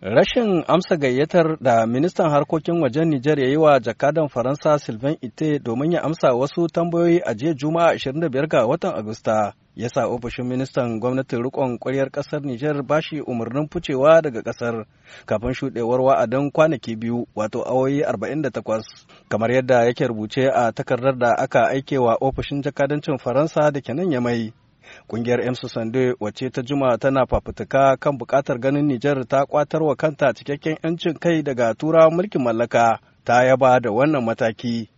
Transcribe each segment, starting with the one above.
Rashin amsa gayyatar da ministan harkokin wajen Nijar ya yi wa jakadan Faransa Sylvain Ite domin ya amsa wasu tambayoyi a jiya Juma'a 25 ga watan Agusta ya sa ofishin ministan gwamnatin rikon kwaryar ƙasar Nijar bashi umarnin ficewa daga kasar kafin shuɗewar wa'adin kwanaki biyu wato awoyi 48 kamar yadda yake rubuce a takardar da aka aike wa ofishin jakadancin Faransa da kenan ya mai. Kungiyar M Sande wace ta juma tana fafutuka kan bukatar ganin Nijar ta kwatar wa kanta cikakken 'yancin kai daga tura mulkin mallaka ta yaba da wannan mataki.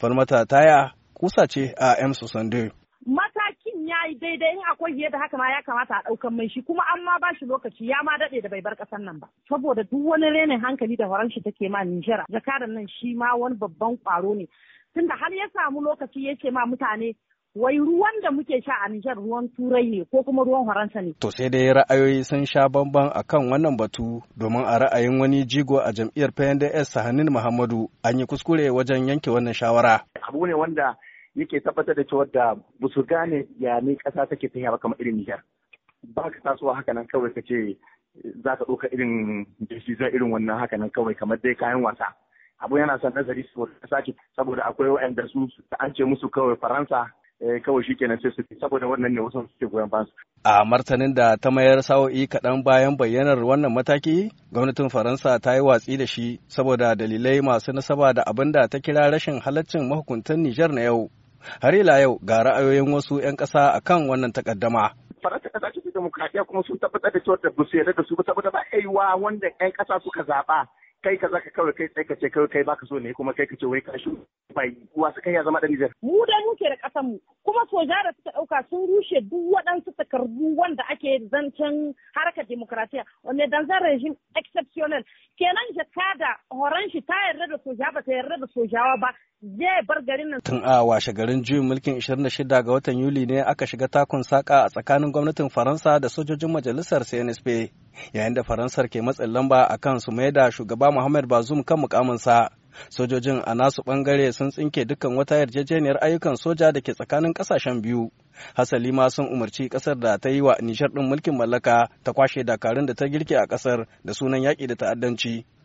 Falmata taya kusa ce a M Sande. Matakin ya yi daidai in akwai fiye da haka ma ya kamata a ɗaukan mai shi kuma an ma ba shi lokaci ya ma daɗe da bai bar ƙasar nan ba. Saboda duk wani renin hankali da shi take ma Nijar, da nan shi ma wani babban ƙwaro ne. Tunda har ya samu lokaci ya ce ma mutane wai ruwan da muke sha a Nijar ruwan Turai ne ko kuma ruwan Faransa ne. To sai dai ra'ayoyi sun sha bamban kan wannan batu domin a ra'ayin wani jigo a jam'iyyar PNDS Sahanin Muhammadu an yi kuskure wajen yanke wannan shawara. Abu ne wanda yake tabbatar da cewa da busu gane ya ne ƙasa take ta yawa kamar irin Nijar. Ba ka tasowa haka nan kawai ka ce za ka ɗauka irin jirgin irin wannan haka nan kawai kamar dai kayan wasa. Abu yana son nazari su saboda akwai waɗanda su an ce musu kawai Faransa Eh, kawai shi kenan sai saboda wannan ne wasan suke goyon su. A martanin da ta mayar sa'o'i kaɗan bayan bayyanar wannan mataki, gwamnatin Faransa ta yi watsi da shi saboda dalilai masu nasaba da abin da ta kira rashin halaccin mahukuntan Nijar na yau. Har ila yau ga ra'ayoyin wasu 'yan ƙasa akan wannan takaddama. Faransa ƙasa ce demokradiyya kuma sun tabbatar da cewa da su da su ba saboda ba wa wanda 'yan ƙasa suka zaɓa kai ka zaka kawai kai tsaye ka ce kawai kai baka so ne kuma kai ka ce wai ka shi bai uwa kai ya zama dan Mu da muke da kasan mu kuma soja da suka ɗauka, sun rushe duk waɗansu takardu wanda ake zancen harkar demokratiya wanda dan zan regime exceptional kenan da horon shi ta yarda da soja ba ta yarda da sojawa ba zai bar garin nan. Tun a washe garin juyin mulkin 26 ga watan Yuli ne aka shiga takun saka a tsakanin gwamnatin Faransa da sojojin majalisar CNSP yayin da Faransar ke matsin lamba a kan su mai da shugaba Muhammad Bazoum kan mukaminsa. Sojojin a nasu bangare sun tsinke dukkan wata yarjejeniyar ayyukan soja da ke tsakanin kasashen biyu. Hasali ma sun umarci kasar da ta yi wa nishar ɗin mulkin mallaka ta kwashe dakarun da ta girke a kasar da sunan yaƙi da ta'addanci.